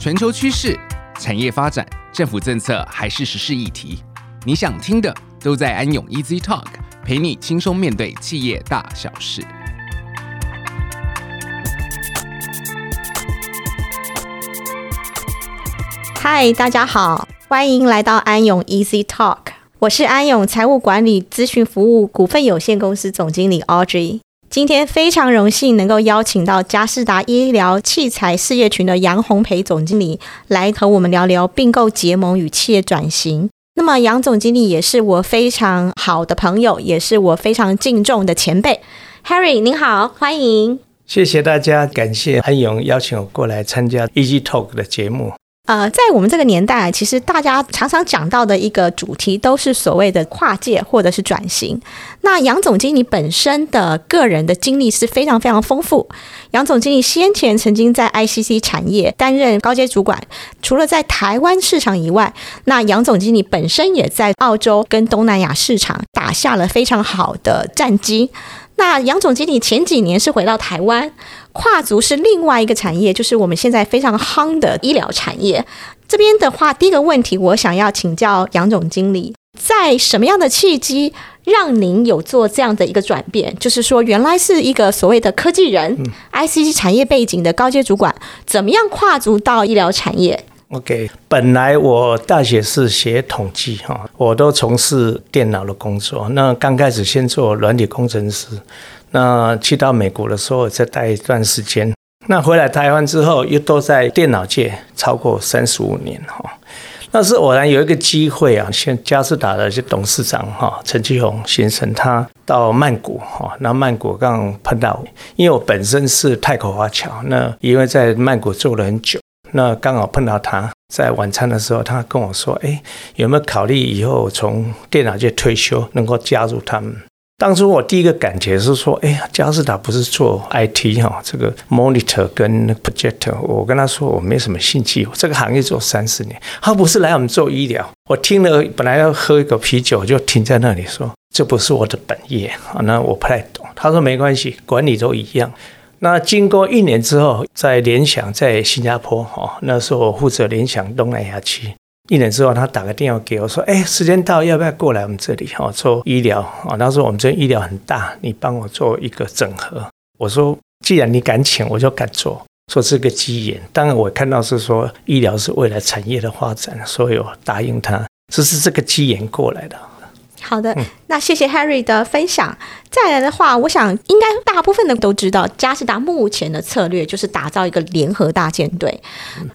全球趨勢、產業發展、政府政策還是時事議題，你想聽的都在安永 Easy Talk，陪你輕鬆面對企業大小事。嗨，大家好，歡迎來到安永 Easy Talk，我是安永財務管理諮詢服務股份有限公司總經理 Audrey 今天非常榮幸能夠邀請到佳世達醫療器材事業群的楊宏培總經理來和我們聊聊併購、結盟與企業轉型。那麼，楊總經理也是我非常好的朋友，也是我非常敬重的前輩。Harry，您好，歡迎！謝謝大家，感謝安永邀請我過來參加 Easy Talk 的節目。呃，在我們這個年代，其實大家常常講到的一個主題都是所謂的跨界或者是轉型。那楊總經理本身的個人的經歷是非常非常豐富。楊總經理先前曾經在 ICT 產業擔任高階主管，除了在台灣市場以外，那楊總經理本身也在澳洲跟東南亞市場打下了非常好的戰績。那楊總經理前幾年是回到台灣。跨足是另外一個產業，就是我們現在非常夯的醫療產業。這邊的話，第一個問題我想要請教楊總經理，在什麼樣的契機讓您有做這樣的一個轉變？就是說，原來是一個所謂的科技人，嗯，ICT 產業背景的高階主管，怎麼樣跨足到醫療產業？OK，本來我大學是學統計哈，我都從事電腦的工作。那剛開始先做軟體工程師。那去到美國的時候，再待一段時間。那回來台灣之後，又都在電腦界超過三十五年哈。那是偶然有一個機會啊，像佳世達的一些董事長哈，陳其宏先生，他到曼谷哈，那曼谷剛好碰到我，因為我本身是泰國華僑，那因為在曼谷做了很久，那剛好碰到他，在晚餐的時候，他跟我說，誒、欸、有沒有考慮以後從電腦界退休，能夠加入他們？當初我第一個感覺是說，哎呀，佳世達不是做 IT 哈，這個 monitor 跟 projector，我跟他說我沒什麼興趣，這個行業做三十年，他不是來我們做醫療。我聽了本來要喝一個啤酒，就停在那裡說，這不是我的本業，那我不太懂。他說沒關係，管理都一樣。那經過一年之後，在聯想在新加坡哈，那時候我負責聯想東南亞區。一年之後，他打個電話給我，說：“哎，時間到，要不要過來我們這裡哈做醫療啊？他說我們這醫療很大，你幫我做一個整合。”我說：“既然你敢請，我就敢做。”說這個機緣，當然我看到是說醫療是未來產業的發展，所以我答應他。這是這個機緣過來的。好的，那謝謝 Harry 的分享。再來的話，我想應該大部分的都知道，佳世達目前的策略就是打造一個聯合大艦隊。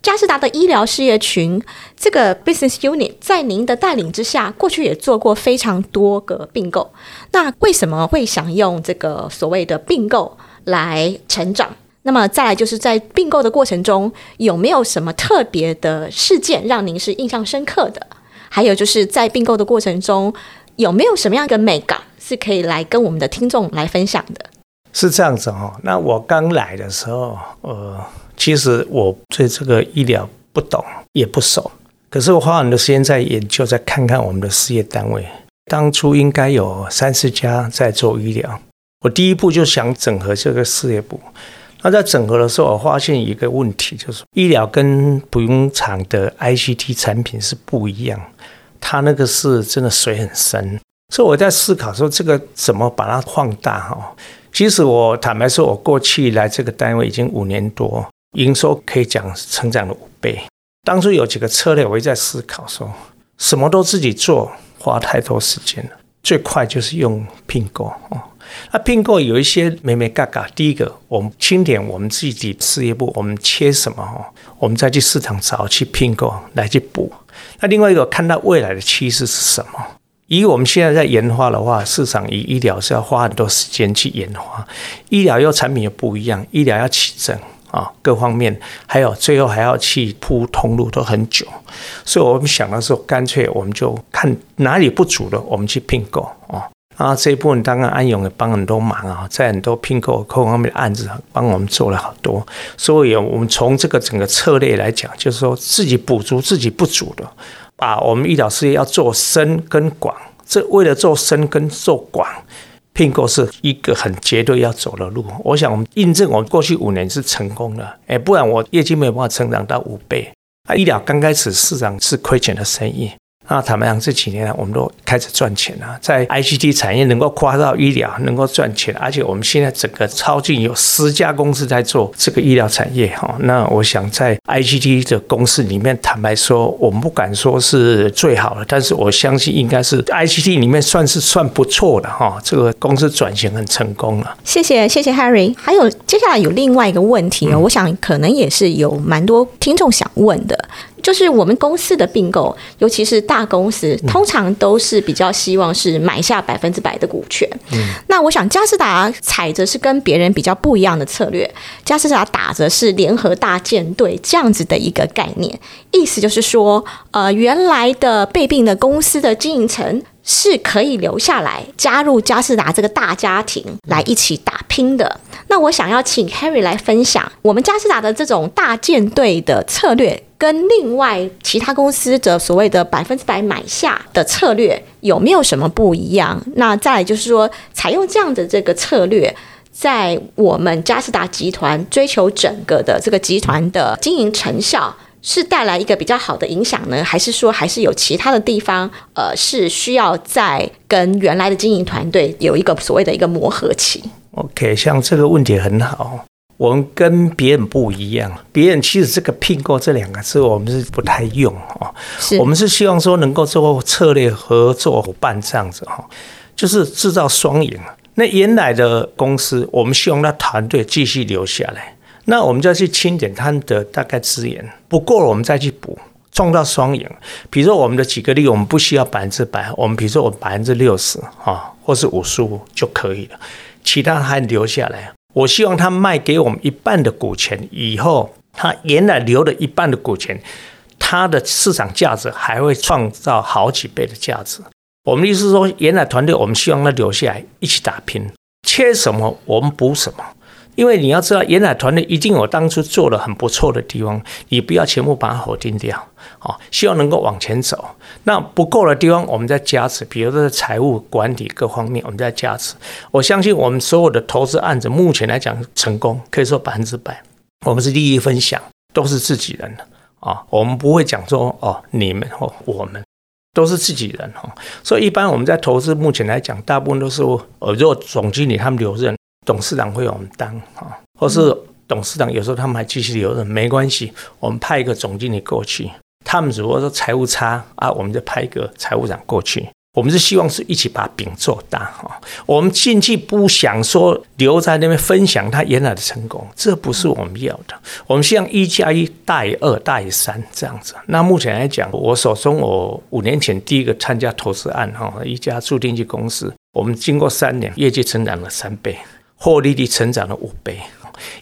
佳、嗯、世達的醫療事業群這個 Business Unit 在您的帶領之下，過去也做過非常多個併購。那為什麼會想用這個所謂的併購來成長？那麼再來就是在併購的過程中有沒有什麼特別的事件讓您是印象深刻的？還有就是在併購的過程中。有沒有什麼樣的美感是可以來跟我們的聽眾來分享的？是這樣子哦。那我剛來的時候，呃，其實我對這個醫療不懂也不熟，可是我花很多時間在研究，在看看我們的事業單位當初應該有三四家在做醫療。我第一步就想整合這個事業部，那在整合的時候，我發現一個問題，就是醫療跟不用廠的 ICT 產品是不一樣。他那個是真的水很深，所以我在思考說這個怎麼把它放大哈。其實我坦白說，我過去來這個單位已經五年多，營收可以講成長了五倍。當初有幾個策略，我也在思考說，什麼都自己做，花太多時間了。最快就是用併購哦。那併購有一些眉眉角角，第一個我們清點我們自己的事業部，我們缺什麼哈，我們再去市場找去併購來去補。那另外一個看到未來的趨勢是什麼？以我們現在在研發的話，市場以醫療是要花很多時間去研發，醫療又產品也不一樣，醫療要取證啊，各方面還有最後還要去鋪通路都很久，所以我們想的時候乾脆我們就看哪裡不足了，我們去併購啊。啊，這一部分剛剛安永也幫很多忙啊，在很多併購各方面的案子幫我們做了好多。所以，我們從這個整個策略來講，就是說自己補足自己不足的，把、啊、我們醫療事業要做深跟廣。這為了做深跟做廣，併購是一個很絕對要走的路。我想，我們印證我們過去五年是成功的、哎，不然我業績沒有辦法成長到五倍啊。醫療剛開始市場是虧錢的生意。那坦白講，這幾年呢，我們都開始賺錢了，在 ICT 產業能夠跨到醫療，能夠賺錢，而且我們現在整個超近有十家公司在做這個醫療產業哈。那我想在 ICT 的公司裡面，坦白說，我們不敢說是最好的，但是我相信應該是 ICT 裡面算是算不錯的哈。這個公司轉型很成功了。謝謝。謝謝謝謝 Harry，還有接下來有另外一個問題啊，嗯、我想可能也是有蠻多聽眾想問的，就是我們公司的併購，尤其是大。大公司通常都是比較希望是買下百分之百的股權。那我想佳世，啊，佳世達踩着，是跟別人比較不一樣的策略。佳世達打着是聯合大艦隊這樣子的一個概念，意思就是說，呃，原來的被併的公司的經營層是可以留下來，加入佳世達這個大家庭來一起打拼的。那我想要請 Harry 來分享我們佳世達的這種大艦隊的策略，跟另外其他公司的所謂的百分之百買下的策略有沒有什麼不一樣？那再來就是說，採用這樣的這個策略，在我們佳世達集團追求整個的這個集團的經營成效，是帶來一個比較好的影響呢，還是說還是有其他的地方？呃，是需要再跟原來的經營團隊有一個所謂的一個磨合期？OK，像這個問題很好。我們跟別人不一樣，別人其實這個「併購」這兩個字，我們是不太用哈。我們是希望說能夠做策略合作夥伴這樣子哈,就是製造雙贏。那原來的公司，我們希望他團隊繼續留下來，那我們就要去清點他們的大概資源，不夠我們再去補，創造雙贏。比如說我們的幾個例，我們不需要百分之百，我們比如說我百分之六十，或是五十五就可以了，其他還留下來。我希望他賣給我們一半的股權以後，他原來留了一半的股權，他的市場價值還會創造好幾倍的價值。我們的意思是說，原來團隊我們希望他留下來一起打拼，缺什麼我們補什麼。因為你要知道，原有團隊一定有當初做的很不錯的地方，你不要全部把它否定掉，啊，希望能夠往前走。那不夠的地方，我們再加持，比如說財務管理各方面，我們再加持。我相信我們所有的投資案子，目前來講成功，可以說百分之百。我們是利益分享，都是自己人的啊，我們不會講說哦，你們哦，我們都是自己人哦。所以一般我們在投資，目前來講，大部分都是、哦、如果總經理他們留任。董事長會我們當哈，或是董事長有時候他們還繼續留着，沒關係，我們派一個總經理過去。他們如果說財務差啊，我們就派一個財務長過去。我們是希望是一起把餅做大哈。我們進去不想說留在那邊分享他原來的成功，這不是我們要的。我們希望一加一大於二，大於三這樣子。那目前來講，我手中我五年前第一個參加投資案哈，一家助聽器公司，我們經過三年，業績成長了三倍。獲利率成長了五倍，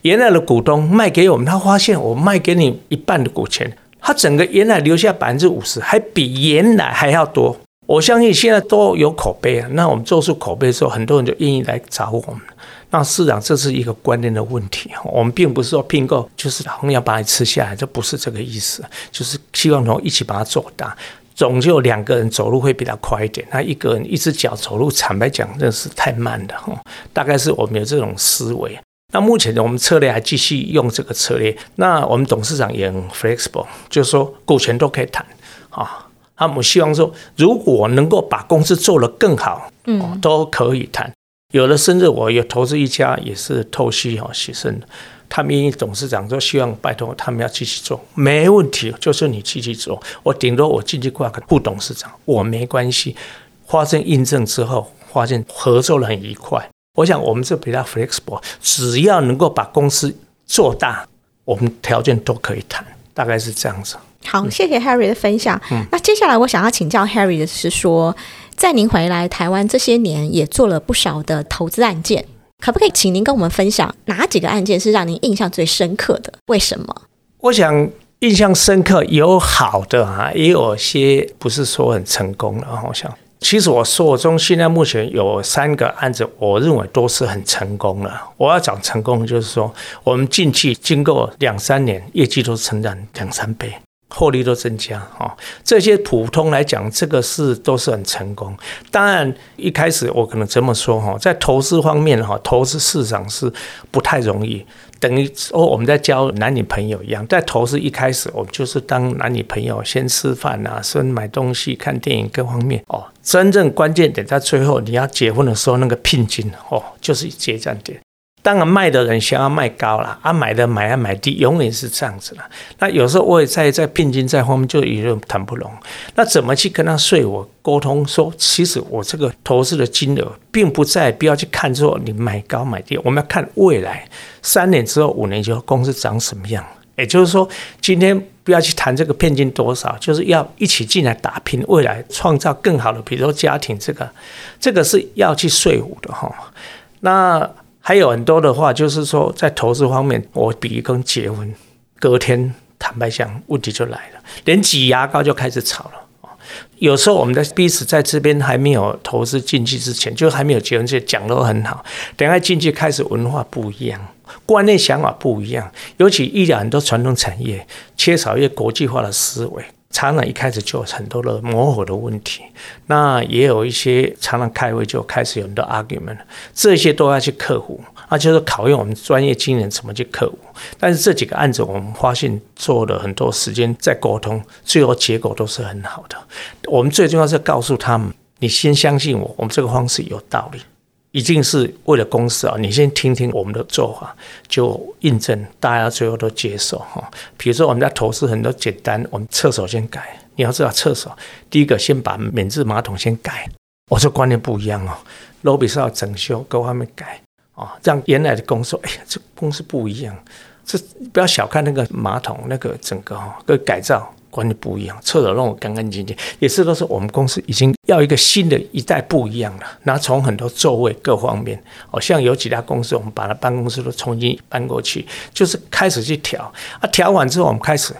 原來的股東賣給我們，他發現，我賣給你一半的股權，他整個原來留下百分之五十，還比原來還要多。我相信現在都有口碑啊。那我們做出口碑的時候，很多人就願意來找我們。那市長，這是一個觀念的問題，我們並不是說併購就是我們要把你吃下來，這不是這個意思，就是希望同一起把它做大。總就兩個人走路會比較快一點，他一個人一只腳走路，坦白講，真的是太慢了哈。大概是我沒有這種思維。那目前我們策略還繼續用這個策略。那我們董事長也很 flexible，就是說股權都可以談啊。他們希望說，如果能夠把公司做得更好，嗯，都可以談。嗯、有的甚至，我有投資一家，也是透析哦，犧牲的。他們因為董事長都希望拜托他們要繼續做，沒問題，就是你繼續做，我頂多我進去掛個副董事長，我沒關係。發生印證之後，發現合作了很愉快。我想我們這比較 flexible，只要能夠把公司做大，我們條件都可以談，大概是這樣子。好，謝謝 Harry 的分享。嗯，那接下來我想要請教 Harry 的是說，在您回來台灣這些年，也做了不少的投資案件。可不可以請您跟我們分享哪幾個案件是讓您印象最深刻的？為什麼？我想印象深刻有好的啊，也有一些不是說很成功的。我想，其實我生活中現在目前有三個案子，我認為都是很成功的。我要講成功，就是說我們進去經過兩三年，業績都成長兩三倍。獲利都增加哦，這些普通來講，這個事都是很成功。當然一開始我可能這麼說哈，在投資方面哈，投資市場是不太容易。等於說我們在交男女朋友一樣，在投資一開始我們就是當男女朋友，先吃飯啊，先買東西、看電影各方面哦。真正關鍵點在最後，你要結婚的時候那個聘金哦，就是結帳點。當然，賣的人想要賣高了，啊，買的買啊買低，永遠是這樣子了。那有時候我也在在聘金在後面就有點談不攏。那怎麼去跟他說服溝通說？說其實我這個投資的金額，並不在不要去看說你買高買低，我們要看未來三年之後、五年之後公司長什麼樣。也、欸、就是說，今天不要去談這個聘金多少，就是要一起進來打拼，未來創造更好的，比如說家庭這個，這個是要去說服的哈。那。還有很多的話，就是說在投資方面，我比如跟結婚隔天，坦白講，問題就來了，連擠牙膏就開始吵了。有時候我們的彼此在這邊還沒有投資進去之前，就還沒有結婚之前，講得都很好。等一下進去開始，文化不一樣，觀念想法不一樣，尤其醫療很多傳統產業缺少一些國際化的思維。常常一開始就很多的磨合的問題，那也有一些常常開會就開始有很多 argument，這些都要去克服，那就是考驗我們專業經理人怎麼去克服。但是這幾個案子我們發現做了很多時間在溝通，最後結果都是很好的。我們最重要是告訴他們，你先相信我，我們這個方式有道理。已經是為了公司啊！你先聽聽我們的做法，就印證大家最後都接受哈。比如說，我們在投資很多簡單，我們廁所先改。你要知道廁所，第一個先把免治馬桶先改。我說觀念不一樣哦。lobby、嗯、是要整修各方面改啊，這樣原來的公司說：“哎呀，這公司不一樣。”這不要小看那個馬桶那個整個哈個改造。管理不一樣，廁所弄得乾乾淨淨，也是都是我們公司已經要一個新的一代不一樣了。然後從很多座位各方面，好、哦、像有幾家公司，我們把他辦公室都重新搬過去，就是開始去調。啊，調完之後，我們開始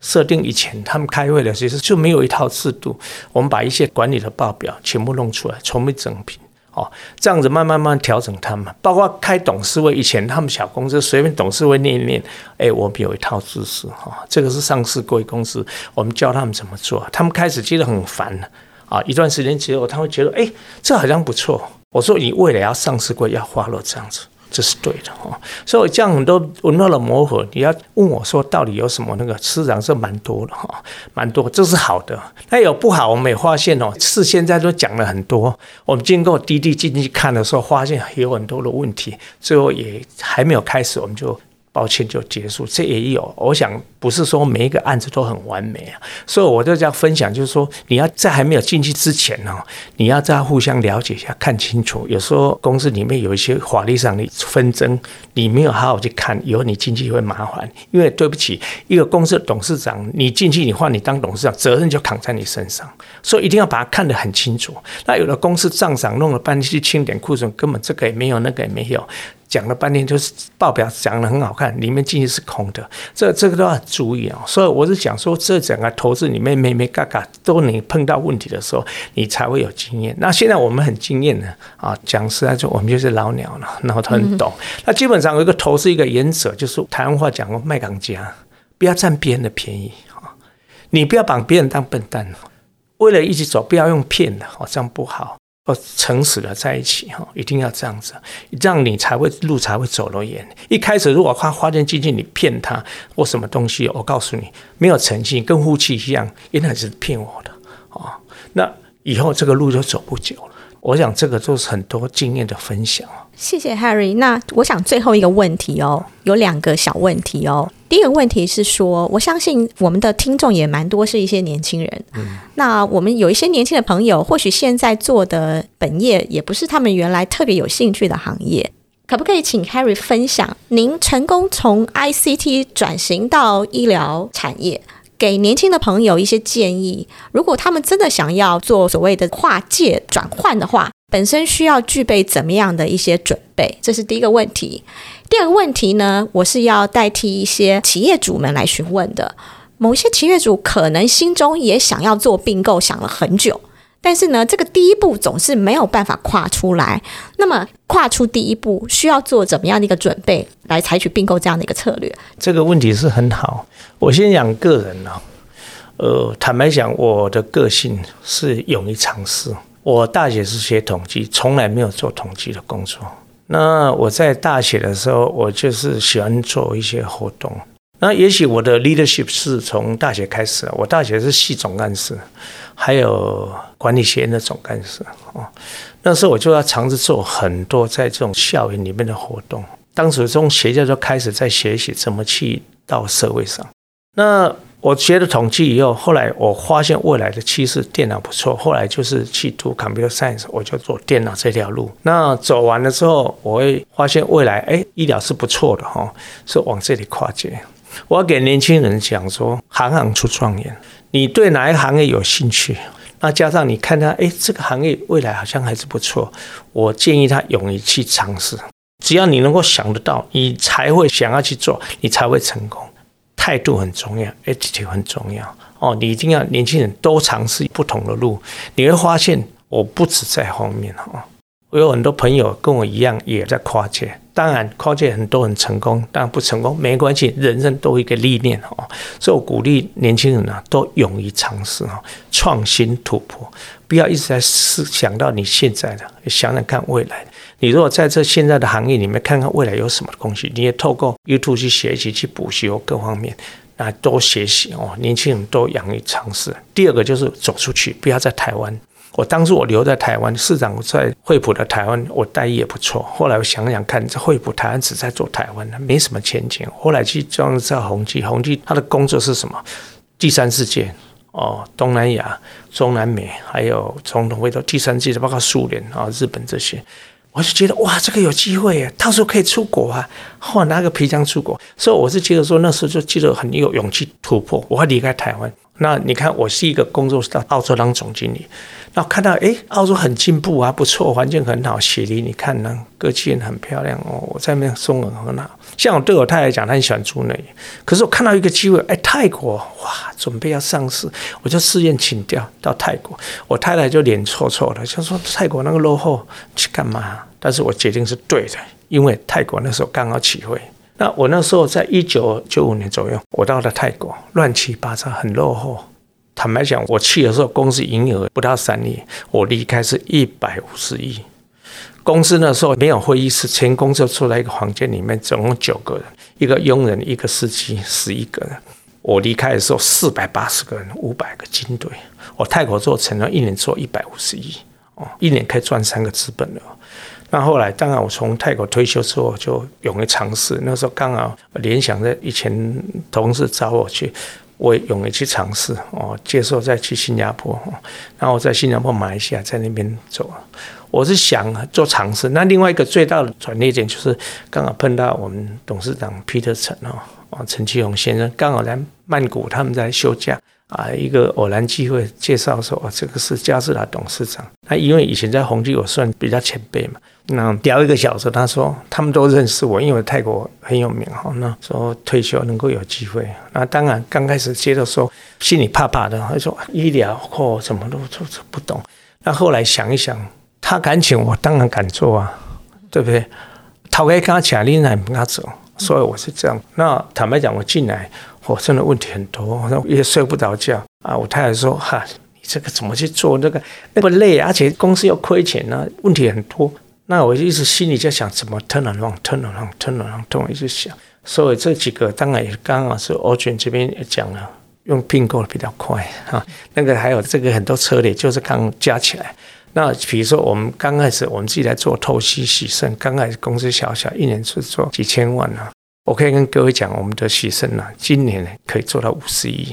設定以前他們開會的，其實就沒有一套制度。我們把一些管理的報表全部弄出來，從沒整平。哦，這樣子慢慢慢調整他們，包括開董事會。以前他們小公司隨便董事會念一念，哎、欸，我們有一套知識哈，這個是上市櫃公司，我們教他們怎麼做。他們開始覺得很煩啊，一段時間之後，他們會覺得，哎、欸，這好像不錯。我說你未來要上市櫃要花落這樣子。這是對的哈，所以這樣很多文化的磨合，你要問我說到底有什麼那個吃場是蠻多的哈，蠻多這是好的。那有不好我們也發現哦，是現在都講了很多，我們經過滴滴進去看的時候，發現有很多的問題，最後也還沒有開始我們就。抱歉就結束，這也有。我想不是說每一個案子都很完美啊，所以我就這樣分享，就是說你要在還沒有進去之前呢、哦，你要在互相了解一下，看清楚。有時候公司裡面有一些法律上的紛爭，你沒有好好去看，以後你進去會麻煩。因為對不起，一個公司的董事長，你進去你換你當董事長，責任就扛在你身上。所以一定要把它看得很清楚。那有的公司賬上弄了半天去清點庫存，根本這個也沒有，那個也沒有。講了半天就是報表講得很好看，裡面進去是空的，這個、這個都要注意啊、喔。所以我是講說，這整個投資裡面沒沒嘎嘎，都你碰到問題的時候，你才會有經驗。那現在我們很經驗呢啊，講實在就我們就是老鳥了，然後他很懂。嗯、那基本上有一個投資一個原則，就是台灣話講過賣港家，不要佔別人的便宜啊，你不要把別人當笨蛋。為了一起走，不要用騙的，好像不好。誠實的在一起哈，一定要這樣子，這樣你才會路才會走得遠。一開始如果花花天酒地，你騙他或我什麼東西，我告訴你，沒有誠信，跟夫妻一樣，一定是騙我的哦，那以後這個路就走不久了。我想這個都是很多經驗的分享。謝謝 Harry。那我想最後一個問題哦，有兩個小問題哦。第一個問題是說，我相信我們的聽眾也蠻多，是一些年輕人。嗯。那我們有一些年輕的朋友，或許現在做的本業也不是他們原來特別有興趣的行業。可不可以請 Harry 分享您成功從 ICT 轉型到醫療產業，給年輕的朋友一些建議？如果他們真的想要做所謂的跨界轉換的話，本身需要具備怎麼樣的一些準備？這是第一個問題。第二個問題呢，我是要代替一些企業主們來詢問的。某些企業主可能心中也想要做併購，想了很久，但是呢，這個第一步總是沒有辦法跨出來。那麼，跨出第一步需要做怎麼樣的一個準備，來採取併購這樣的一個策略？這個問題是很好。我先講個人了哦，呃，坦白講，我的個性是勇於嘗試。我大學是學統計，從來沒有做統計的工作。那我在大學的時候，我就是喜歡做一些活動。那也許我的 leadership 是從大學開始，我大學是系總幹事，還有管理學院的總幹事。哦，那時候我就要嘗試做很多在這種校園裡面的活動。當時從學校就開始在學習怎麼去到社會上。那我學了統計以後，後來我發現未來的趨勢電腦不錯，後來就是去讀 computer science，我就走電腦這條路。那走完了之後，我會發現未來，哎，醫療是不錯的哈，是往這裡跨界。我要給年輕人講說，行行出狀元。你對哪一個行業有興趣？那加上你看他，哎，這個行業未來好像還是不錯。我建議他勇於去嘗試。只要你能夠想得到，你才會想要去做，你才會成功。態度很重要，attitude 很重要哦。你一定要年輕人多嘗試不同的路，你會發現我不止在後面哦。我有很多朋友跟我一樣也在跨界，當然跨界很多人成功，但不成功沒關係，人生都有一個歷練哦。所以我鼓勵年輕人呢，都勇於嘗試啊，創新突破，不要一直在思想到你現在的，想想看未來的。你如果在這現在的行業裡面，看看未來有什麼東西，你也透過 YouTube 去學習、去補習哦，各方面啊多學習哦，年輕人都勇於嘗試。第二個就是走出去，不要在台灣。我當時我留在台灣，市長在惠普的台灣，我待遇也不錯。後來我想想看，這惠普台灣只在做台灣，沒什麼前景。後來去轉到宏碁，宏碁他的工作是什麼？第三世界哦，東南亞、中南美，還有從頭回到第三世界，包括蘇聯啊、日本這些。我就覺得哇，這個有機會耶，啊，到時候可以出國啊，或拿個皮箱出國。所以我是覺得說，那時候就記得很有勇氣突破，我要離開台灣。那你看，我是一個工作是到澳洲當總經理，那看到誒，澳洲很進步啊，不錯，環境很好，雪梨你看呢、啊，歌劇院很漂亮哦，我在那邊生活很，很好。像我對我太太來講，她很喜歡住那邊。可是我看到一個機會，誒，泰國哇，準備要上市，我就自願請調到泰國。我太太就臉臭臭的，就說泰國那個落後，去幹嘛？但是我決定是對的，因為泰國那時候剛好起飛。那我那時候在一九九五年左右，我到了泰國，亂七八糟，很落後。坦白講，我去的時候，公司營業額不到三億，我離開是一百五十億。公司那時候沒有會議室，全公司就坐在一個房間裡面，總共九個人，一個傭人，一個司機，十一個人。我離開的時候，四百八十個人，五百個軍隊。我泰國做成了，一年做一百五十億哦，一年可以賺三個資本了。那後來，當然我從泰國退休之後，就勇於嘗試。那時候剛好聯想的以前同事找我去，我勇於去嘗試哦，接受再去新加坡。然後我在新加坡、馬來西亞在那邊走，我是想做嘗試。那另外一個最大的轉折點就是，剛好碰到我們董事長 Peter 陳哦，陳其宏先生剛好在曼谷，他們在休假。啊，一個偶然機會介紹說，我、哦、這個是佳世達董事長。他因為以前在宏碁我算比較前輩嘛，那聊一個小時，他說他們都認識我，因為泰國很有名哈。那說退休能夠有機會，那當然剛開始接的時候心裡怕怕的。他說醫療或、哦、什麼都做做不懂。那後來想一想，他敢請我，當然敢做啊，對不對？他會跟他講，你來跟他做，所以我是這樣。那坦白講，我進來。我、哦、真的問題很多，也睡不着覺啊！我太太說：“哈、啊，你這個怎麼去做？那個那麼累，而且公司要虧錢呢、啊，問題很多。”那我一直心裡在想，怎麼 turn around，turn around，turn around，turn around，一直想。所以這幾個當然也剛好是歐俊這邊也講了，用併購的比較快啊。那個還有這個很多策略，就是剛加起來。那比如說我們剛開始，我們自己來做透析洗腎，剛開始公司小小，一年是做幾千萬啊。我可以跟各位講，我們的犧牲呢，今年呢可以做到五十億。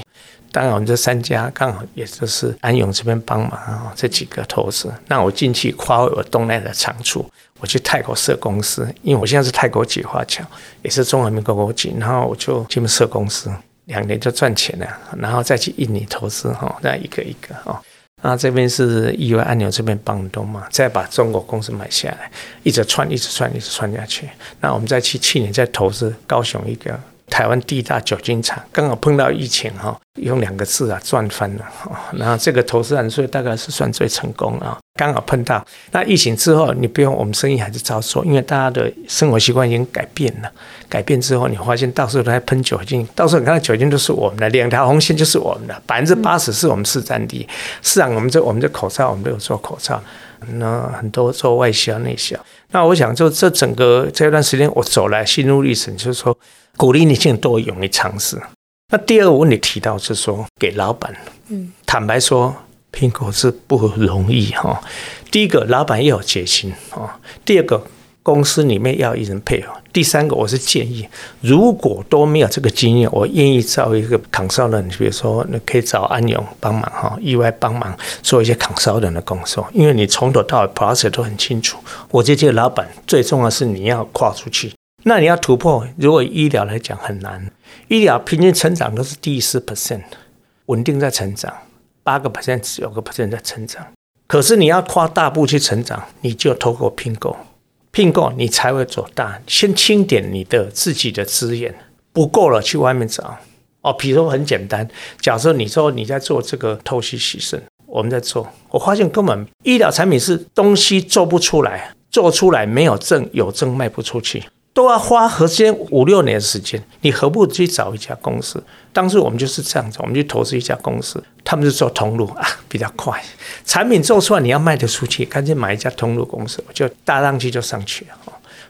當然，我們這三家剛好也就是安永這邊幫忙啊，這幾個投資。那我進去跨回我東南的長處，我去泰國設公司，因為我現在是泰國籍華僑，也是中華民國國籍，然後我就進門設公司，兩年就賺錢了，然後再去印尼投資哈，那一個一個哈。那這邊是意外按鈕，這邊幫很多忙嘛？再把中國公司買下來，一直串，一直串，一直串下去。那我們在去去年在投資高雄一個台灣第一大酒精廠，剛好碰到疫情哈，用兩個字啊，賺翻了。那這個投資案所以大概是算最成功啊。剛好碰到那疫情之後，你不用，我們生意還是照做，因為大家的生活習慣已經改變了。改變之後，你發現到處都在噴酒精，到時候你看酒精都是我們的，兩條紅線就是我們的，百分之八十是我們市占地。嗯、市場。我們這我們這口罩，我們都有做口罩，那很多做外銷內銷。那我想，就這整個這段時間，我走來心路歷程，就是說鼓勵你，盡多勇於嘗試。那第二個問題提到是說給老闆，嗯，坦白說。併購是不容易哈，第一個老板要有決心啊，第二個公司裡面要有一人配合，第三個我是建議，如果都沒有這個經驗，我願意找一個 consulting 的人，比如說你可以找安永幫忙哈，EY 幫忙做一些 consulting 的人的工作，因為你從頭到尾 process 都很清楚。我覺得這個老闆最重要是你要跨出去，那你要突破，如果醫療來講很難，醫療平均成長都是第四 percent，穩定在成長。八個 percent、九個 percent 在成長，可是你要跨大步去成長，你就透過併購，併購你才會做大。先清點你的自己的資源，不夠了去外面找。哦，比如說很簡單，假設你說你在做這個透析洗腎，我們在做，我發現根本醫療產品是東西做不出來，做出來沒有證，有證賣不出去，都要花時間，五六年的時間。你何不去找一家公司？當時我們就是這樣子，我們去投資一家公司，他們就做通路啊，比較快，產品做出來你要賣得出去，趕緊買一家通路公司，就搭上去就上去了。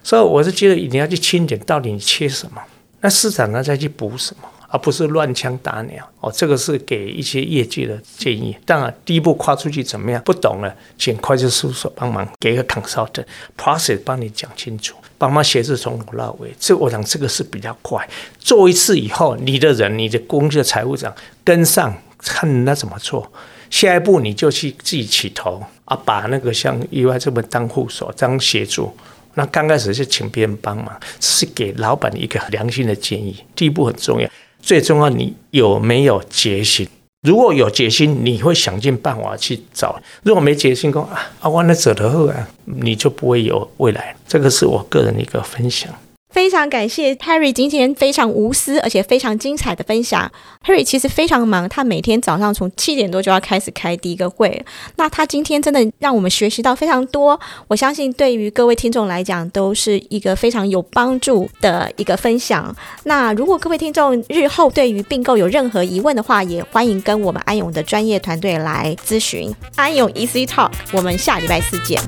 所以我是覺得你要去清點到底你缺什麼，那市場上再去補什麼。而不是亂槍打鳥哦，這個是給一些業界的建議。當然，第一步跨出去怎麼樣？不懂了，請會計師事務所幫忙，給個 consultant process 幫你講清楚，幫忙寫字從頭到尾。這我想這個是比較快，做一次以後，你的人、你的公司的財務長跟上，看他怎麼做。下一步你就去自己起頭啊，把那個像意外這麼當護手當協助。那剛開始是請別人幫忙，這是給老闆一個很良心的建議。第一步很重要。最重要，你有沒有決心？如果有決心，你會想盡辦法去找；如果沒決心，說啊啊，我那折頭後啊，你就不會有未來，這個是我個人的一個分享。非常感謝 Harry 今天非常無私而且非常精彩的分享。Harry 其實非常忙，他每天早上從七點多就要開始開第一個會。那他今天真的讓我們學習到非常多，我相信對於各位聽眾來講都是一個非常有幫助的一個分享。那如果各位聽眾日後對於併購有任何疑問的話，也歡迎跟我們安永的專業團隊來諮詢。安永 EasY Talk，我們下禮拜四見。